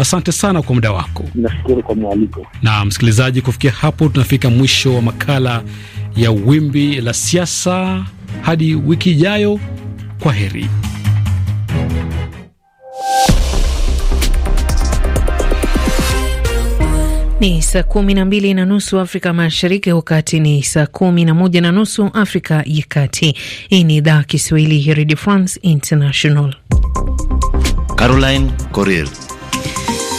Asante sana kwa muda wako. Nashukuru kwa mwaliko. Na msikilizaji, kufikia hapo tunafika mwisho wa makala ya Wimbi la Siasa. Hadi wiki ijayo, kwa heri. Ni saa kumi na mbili na nusu Afrika Mashariki, wakati ni saa kumi na moja na nusu Afrika ya Kati. Hii ni idhaa Kiswahili ya Redio France International. Caroline Corel.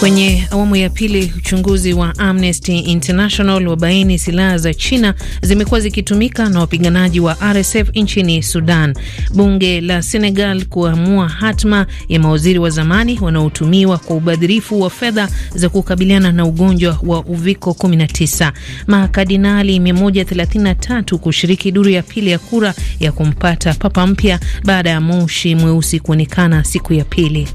Kwenye awamu ya pili, uchunguzi wa Amnesty International wabaini silaha za China zimekuwa zikitumika na wapiganaji wa RSF nchini Sudan. Bunge la Senegal kuamua hatma ya mawaziri wa zamani wanaotumiwa kwa ubadhirifu wa fedha za kukabiliana na ugonjwa wa uviko 19. makadinali 133 kushiriki duru ya pili ya kura ya kumpata papa mpya baada ya moshi mweusi kuonekana siku ya pili.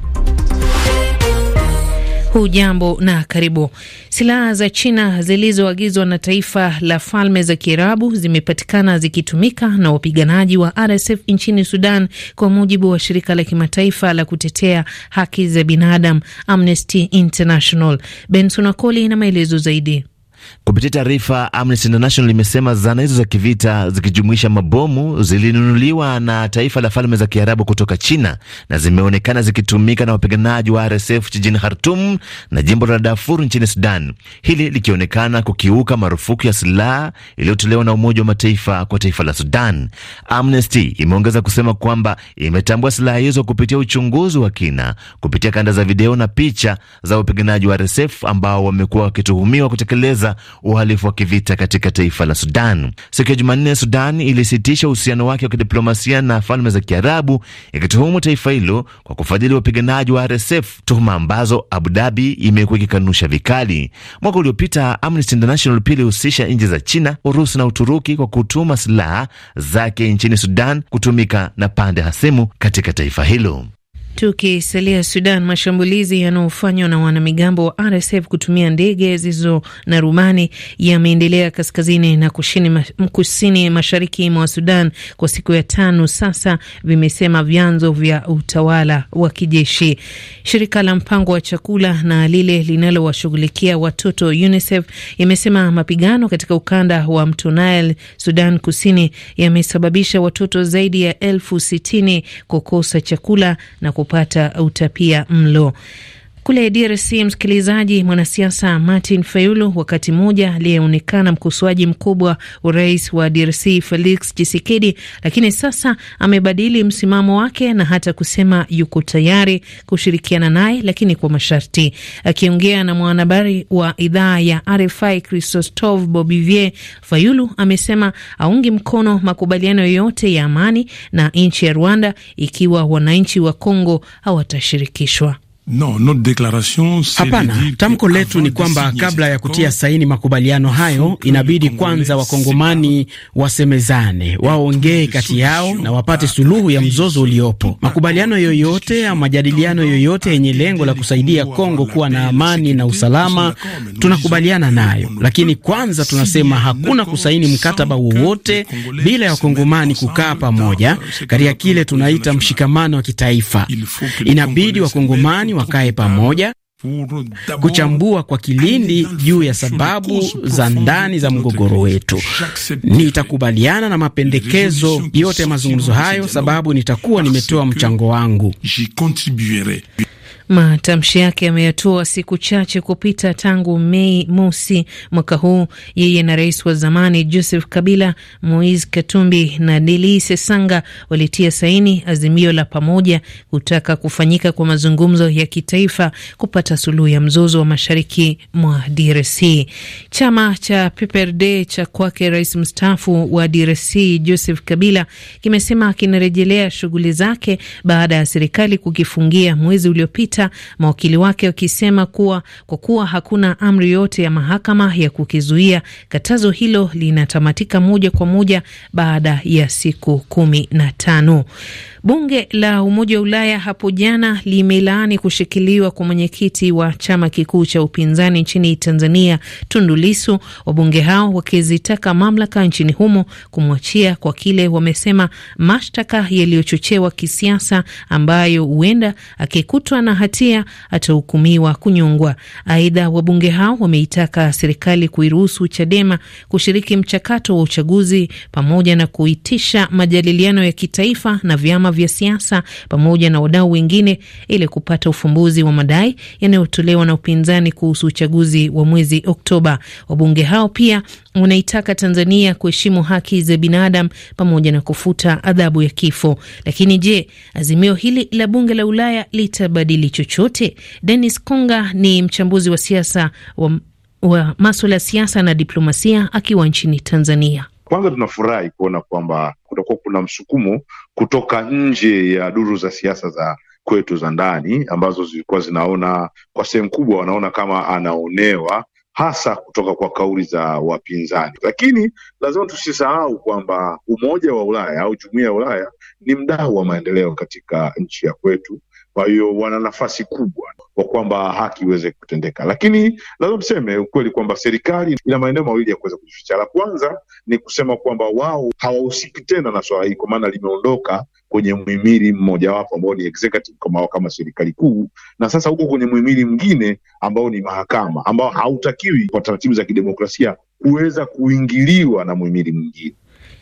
Hujambo na karibu. Silaha za China zilizoagizwa na taifa la Falme za Kiarabu zimepatikana zikitumika na wapiganaji wa RSF nchini Sudan, kwa mujibu wa shirika la kimataifa la kutetea haki za binadamu Amnesty International. Benson Akoli na maelezo zaidi. Kupitia taarifa, Amnesty International limesema zana hizo za kivita zikijumuisha mabomu zilinunuliwa na taifa la Falme za Kiarabu kutoka China na zimeonekana zikitumika na wapiganaji wa RSF jijini Khartoum na jimbo la Darfur nchini Sudan, hili likionekana kukiuka marufuku ya silaha iliyotolewa na Umoja wa Mataifa kwa taifa la Sudan. Amnesty imeongeza kusema kwamba imetambua silaha hizo kupitia uchunguzi wa kina, kupitia kanda za video na picha za wapiganaji wa RSF ambao wamekuwa wakituhumiwa kutekeleza uhalifu wa kivita katika taifa la Sudan. Siku ya Jumanne, Sudan ilisitisha uhusiano wake wa kidiplomasia na Falme za Kiarabu, ikituhumu taifa hilo kwa kufadhili wapiganaji wa RSF, tuhuma ambazo Abu Dhabi imekuwa ikikanusha vikali. Mwaka uliopita Amnesty International pia ilihusisha nchi za China, Urusi na Uturuki kwa kutuma silaha zake nchini Sudan kutumika na pande hasimu katika taifa hilo. Tukisalia Sudan, mashambulizi yanayofanywa na wanamigambo wa RSF kutumia ndege zilizo na rumani yameendelea kaskazini na kushini, kusini mashariki mwa Sudan kwa siku ya tano sasa, vimesema vyanzo vya utawala wa kijeshi. Shirika la mpango wa chakula na lile linalowashughulikia watoto UNICEF imesema mapigano katika ukanda wa mto Nile, Sudan Kusini, yamesababisha watoto zaidi ya elfu sitini kukosa chakula na kupata utapia mlo. Kule DRC, msikilizaji, mwanasiasa Martin Fayulu, wakati mmoja aliyeonekana mkosoaji mkubwa wa rais wa DRC Felix Tshisekedi, lakini sasa amebadili msimamo wake na hata kusema yuko tayari kushirikiana naye, lakini kwa masharti. Akiongea na mwanahabari wa idhaa ya RFI Christostov Bobivier, Fayulu amesema aungi mkono makubaliano yoyote ya amani na nchi ya Rwanda ikiwa wananchi wa Kongo hawatashirikishwa. No, not declaration. Hapana, tamko letu ni kwamba kabla ya kutia saini makubaliano hayo inabidi kwanza wakongomani wasemezane, waongee kati yao na wapate suluhu ya mzozo uliopo. Makubaliano yoyote au majadiliano yoyote yenye lengo la kusaidia Kongo kuwa na amani na usalama tunakubaliana nayo, lakini kwanza tunasema hakuna kusaini mkataba wowote bila ya wakongomani kukaa pamoja katika kile tunaita mshikamano wa kitaifa. Inabidi wakongomani wakae pamoja kuchambua kwa kilindi juu ya sababu za ndani za mgogoro wetu. Nitakubaliana na mapendekezo yote ya mazungumzo hayo, sababu nitakuwa nimetoa mchango wangu. Matamshi yake yameyatoa siku chache kupita tangu Mei mosi mwaka huu, yeye na rais wa zamani Joseph Kabila, Moise Katumbi na Dili Sesanga walitia saini azimio la pamoja kutaka kufanyika kwa mazungumzo ya kitaifa kupata suluhu ya mzozo wa mashariki mwa DRC. Chama cha PPRD cha kwake rais mstaafu wa DRC Joseph Kabila kimesema kinarejelea shughuli zake baada ya serikali kukifungia mwezi uliopita iliyopita, mawakili wake wakisema kuwa kwa kuwa hakuna amri yote ya mahakama ya kukizuia, katazo hilo linatamatika moja kwa moja baada ya siku kumi na tano. Bunge la Umoja wa Ulaya hapo jana limelaani kushikiliwa kwa mwenyekiti wa chama kikuu cha upinzani nchini Tanzania, Tundu Lissu, wabunge hao wakizitaka mamlaka nchini humo kumwachia kwa kile wamesema mashtaka yaliyochochewa kisiasa, ambayo huenda akikutwa na hatia atahukumiwa kunyongwa. Aidha, wabunge hao wameitaka serikali kuiruhusu Chadema kushiriki mchakato wa uchaguzi pamoja na kuitisha majadiliano ya kitaifa na vyama vya siasa pamoja na wadau wengine ili kupata ufumbuzi wa madai yanayotolewa na upinzani kuhusu uchaguzi wa mwezi Oktoba. Wabunge hao pia wanaitaka Tanzania kuheshimu haki za binadamu pamoja na kufuta adhabu ya kifo. Lakini je, azimio hili la bunge la Ulaya litabadili chochote? Dennis Konga ni mchambuzi wa siasa wa, wa maswala ya siasa na diplomasia akiwa nchini Tanzania. Kwanza tunafurahi kuona kwamba kutakuwa kuna msukumo kutoka nje ya duru za siasa za kwetu za ndani ambazo zilikuwa zinaona kwa sehemu kubwa wanaona kama anaonewa hasa kutoka kwa kauli za wapinzani. Lakini lazima tusisahau kwamba Umoja wa Ulaya au Jumuiya ya Ulaya ni mdau wa maendeleo katika nchi ya kwetu, kwa hiyo wana nafasi kubwa kwa kwamba haki iweze kutendeka, lakini lazima tuseme ukweli kwamba serikali ina maeneo mawili ya kuweza kujificha. La kwanza ni kusema kwamba wao hawahusiki tena na swala hii, kwa maana limeondoka kwenye muhimili mmojawapo ambao ni executive kama, kama serikali kuu, na sasa huko kwenye muhimili mwingine ambao ni mahakama, ambao hautakiwi kwa taratibu za kidemokrasia kuweza kuingiliwa na muhimili mwingine.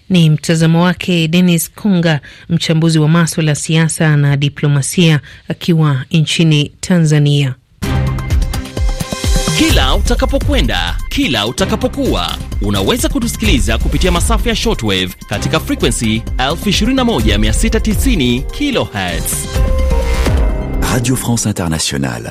Ni mtazamo wake Denis kunga mchambuzi wa maswala ya siasa na diplomasia, akiwa nchini Tanzania. Kila utakapokwenda, kila utakapokuwa, unaweza kutusikiliza kupitia masafa ya shortwave katika frekuensi 21690 kilohertz. Radio France Internationale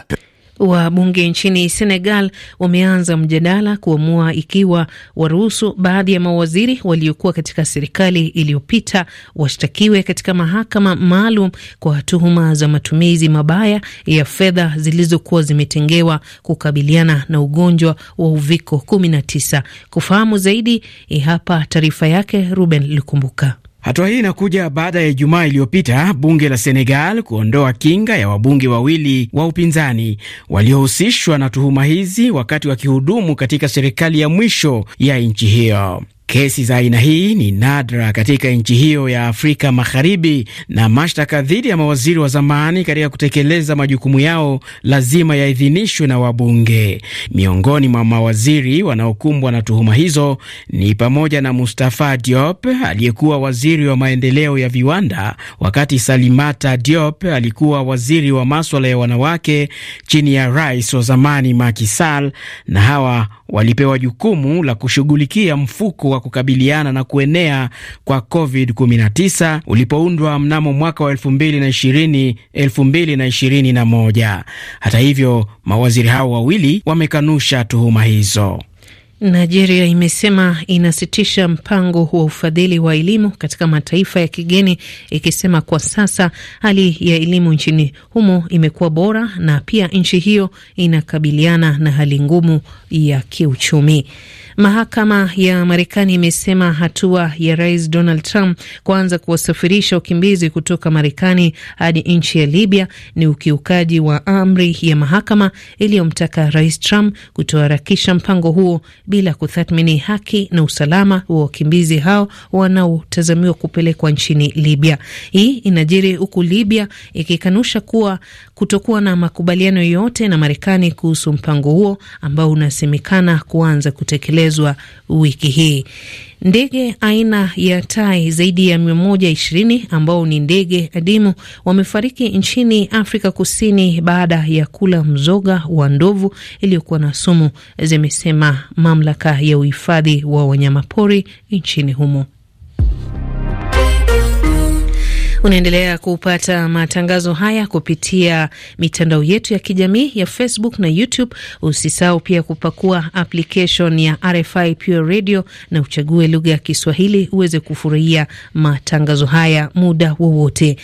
wa bunge nchini Senegal wameanza mjadala kuamua ikiwa waruhusu baadhi ya mawaziri waliokuwa katika serikali iliyopita washtakiwe katika mahakama maalum kwa tuhuma za matumizi mabaya ya fedha zilizokuwa zimetengewa kukabiliana na ugonjwa wa uviko 19. Kufahamu zaidi, eh, hapa taarifa yake Ruben Lukumbuka. Hatua hii inakuja baada ya Ijumaa iliyopita bunge la Senegal kuondoa kinga ya wabunge wawili wa upinzani waliohusishwa na tuhuma hizi wakati wakihudumu katika serikali ya mwisho ya nchi hiyo. Kesi za aina hii ni nadra katika nchi hiyo ya Afrika Magharibi, na mashtaka dhidi ya mawaziri wa zamani katika kutekeleza majukumu yao lazima yaidhinishwe na wabunge. Miongoni mwa mawaziri wanaokumbwa na tuhuma hizo ni pamoja na Mustafa Diop aliyekuwa waziri wa maendeleo ya viwanda, wakati Salimata Diop alikuwa waziri wa maswala ya wanawake chini ya rais wa zamani Macky Sall, na hawa walipewa jukumu la kushughulikia mfuko wa kukabiliana na kuenea kwa COVID-19 ulipoundwa mnamo mwaka wa 2020 2021. Hata hivyo mawaziri hao wawili wamekanusha tuhuma hizo. Nigeria imesema inasitisha mpango wa ufadhili wa elimu katika mataifa ya kigeni, ikisema kwa sasa hali ya elimu nchini humo imekuwa bora na pia nchi hiyo inakabiliana na hali ngumu ya kiuchumi. Mahakama ya Marekani imesema hatua ya Rais Donald Trump kuanza kuwasafirisha wakimbizi kutoka Marekani hadi nchi ya Libya ni ukiukaji wa amri ya mahakama iliyomtaka Rais Trump kutoharakisha mpango huo bila kutathmini haki na usalama wa wakimbizi hao wanaotazamiwa kupelekwa nchini Libya. Hii inajiri huku Libya ikikanusha kuwa kutokuwa na makubaliano yoyote na Marekani kuhusu mpango huo ambao unasemekana kuanza kutekelezwa wiki hii. Ndege aina ya tai zaidi ya mia moja ishirini ambao ni ndege adimu wamefariki nchini Afrika Kusini baada ya kula mzoga wa ndovu iliyokuwa na sumu, zimesema mamlaka ya uhifadhi wa wanyamapori nchini humo. Unaendelea kupata matangazo haya kupitia mitandao yetu ya kijamii ya Facebook na YouTube. Usisahau pia kupakua application ya RFI Pure Radio na uchague lugha ya Kiswahili uweze kufurahia matangazo haya muda wowote.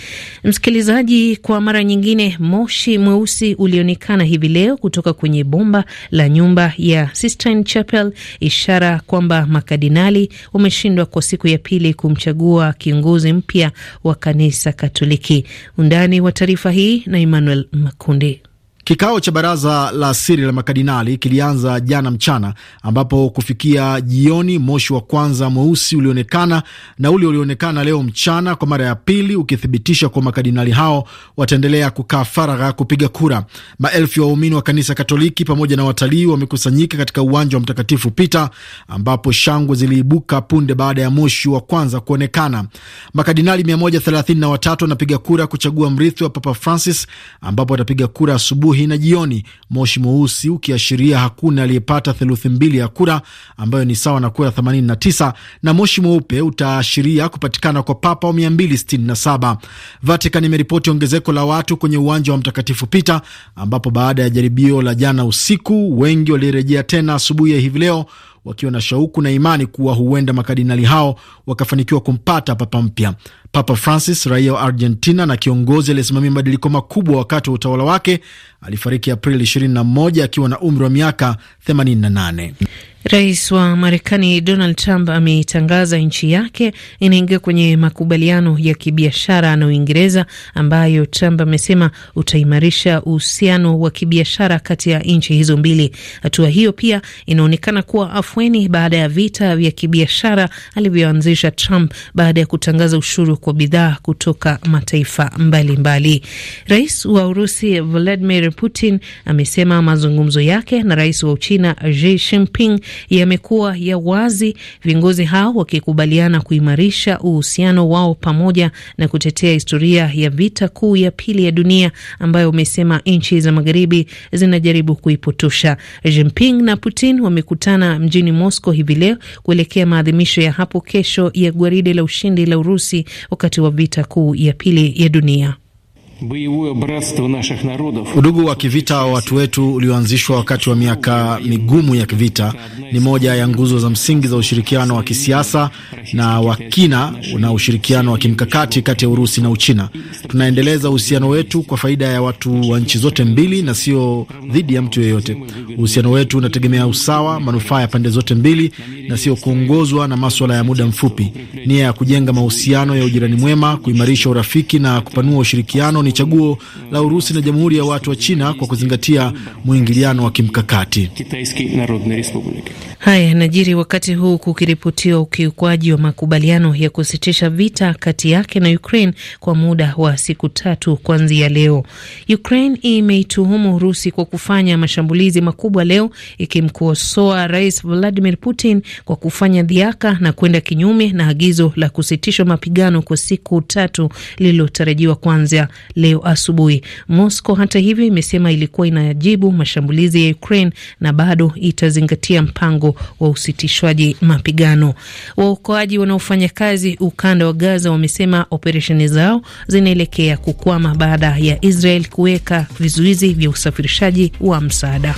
Msikilizaji, kwa mara nyingine, moshi mweusi ulionekana hivi leo kutoka kwenye bomba la nyumba ya Sistine Chapel, ishara kwamba makadinali wameshindwa kwa siku ya pili kumchagua kiongozi mpya wa kanisa kanisa Katoliki. Undani wa taarifa hii na Emmanuel Makundi. Kikao cha baraza la siri la makadinali kilianza jana mchana, ambapo kufikia jioni moshi wa kwanza mweusi ulionekana na ule ulionekana leo mchana kwa mara ya pili, ukithibitisha kuwa makadinali hao wataendelea kukaa faragha kupiga kura. Maelfu ya waumini wa kanisa Katoliki pamoja na watalii wamekusanyika katika uwanja wa Mtakatifu Pita, ambapo shangwe ziliibuka punde baada ya moshi wa kwanza kuonekana. makadinali 133 wanapiga kura kuchagua mrithi wa Papa Francis, ambapo watapiga kura asubuhi asubuhi na jioni, moshi mweusi ukiashiria hakuna aliyepata theluthi mbili ya kura ambayo ni sawa na kura 89, na moshi mweupe utaashiria kupatikana kwa papa wa 267. Vatican imeripoti ongezeko la watu kwenye uwanja wa Mtakatifu Pita ambapo baada ya jaribio la jana usiku wengi walirejea tena asubuhi ya hivi leo wakiwa na shauku na imani kuwa huenda makardinali hao wakafanikiwa kumpata papa mpya. Papa Francis, raia wa Argentina na kiongozi aliyesimamia mabadiliko makubwa wakati wa utawala wake, alifariki Aprili 21 akiwa na umri wa miaka 88. Rais wa Marekani Donald Trump ametangaza nchi yake inaingia kwenye makubaliano ya kibiashara na Uingereza ambayo Trump amesema utaimarisha uhusiano wa kibiashara kati ya nchi hizo mbili. Hatua hiyo pia inaonekana kuwa afueni baada ya vita vya kibiashara alivyoanzisha Trump baada ya kutangaza ushuru kwa bidhaa kutoka mataifa mbalimbali mbali. Rais wa Urusi Vladimir Putin amesema mazungumzo yake na rais wa Uchina Xi Jinping yamekuwa ya wazi, viongozi hao wakikubaliana kuimarisha uhusiano wao pamoja na kutetea historia ya vita kuu ya pili ya dunia ambayo wamesema nchi za magharibi zinajaribu kuipotosha. Jinping na Putin wamekutana mjini Moscow hivi leo kuelekea maadhimisho ya hapo kesho ya gwaride la ushindi la Urusi wakati wa vita kuu ya pili ya dunia. Udugu wa kivita wa watu wetu ulioanzishwa wakati wa miaka migumu ya kivita ni moja ya nguzo za msingi za ushirikiano wa kisiasa na wa kina na ushirikiano wa kimkakati kati ya Urusi na Uchina. Tunaendeleza uhusiano wetu kwa faida ya watu wa nchi zote mbili na sio dhidi ya mtu yeyote. Uhusiano wetu unategemea usawa, manufaa ya pande zote mbili na sio kuongozwa na maswala ya muda mfupi. Nia ya kujenga mahusiano ya ujirani mwema, kuimarisha urafiki na kupanua ushirikiano ni chaguo la Urusi na Jamhuri ya Watu wa China kwa kuzingatia mwingiliano wa kimkakati. Haya yanajiri wakati huu kukiripotiwa ukiukwaji wa makubaliano ya kusitisha vita kati yake na Ukraine kwa muda wa siku tatu kuanzia leo. Ukraine imeituhumu Urusi kwa kufanya mashambulizi makubwa leo, ikimkosoa Rais Vladimir Putin kwa kufanya dhiaka na kwenda kinyume na agizo la kusitishwa mapigano kwa siku tatu lililotarajiwa kuanzia leo asubuhi. Moscow hata hivyo imesema ilikuwa inajibu mashambulizi ya Ukraine na bado itazingatia mpango mpango wa usitishwaji mapigano. Waokoaji wanaofanya kazi ukanda wa Gaza wamesema operesheni zao zinaelekea kukwama baada ya Israel kuweka vizuizi vya usafirishaji wa msaada.